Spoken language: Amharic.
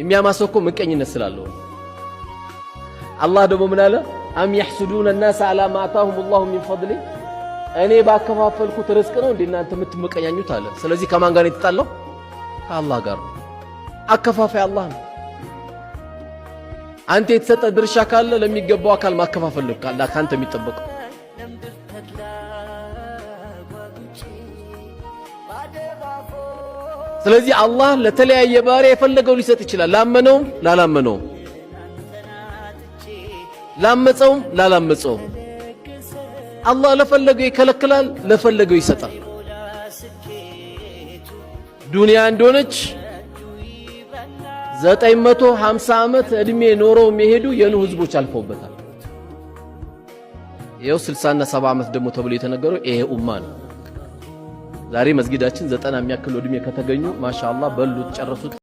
የሚያማሰው እኮ ምቀኝነት ስላለው አላህ ደግሞ ምን አለ? አም የሕሱዱነ ናስ አላ ማ አታሁም ላሁ ሚን ፈድሊ እኔ ባከፋፈልኩት ርዝቅ ነው እንዴ እናንተ የምትመቀኛኙት አለ። ስለዚህ ከማን ጋር የተጣለው? ከአላህ ጋር ነው። አከፋፋይ አላህ ነው። አንተ የተሰጠ ድርሻ ካለ ለሚገባው አካል ማከፋፈል ነው ከአንተ የሚጠበቀው። ስለዚህ አላህ ለተለያየ ባሪያ የፈለገው ሊሰጥ ይችላል። ላመነውም ላላመነውም፣ ላመፀውም ላላመፀውም አላህ ለፈለገው ይከለክላል፣ ለፈለገው ይሰጣል። ዱንያ እንደሆነች 950 ዓመት እድሜ ኖረው የሚሄዱ የኑህ ህዝቦች አልፈውበታል። ይኸው 60 እና 70 ዓመት ደግሞ ተብሎ የተነገረው ይሄ ኡማ ነው። ዛሬ መስጊዳችን ዘጠና የሚያክል ዕድሜ ከተገኙ ማሻአላህ በሉት ጨረሱት።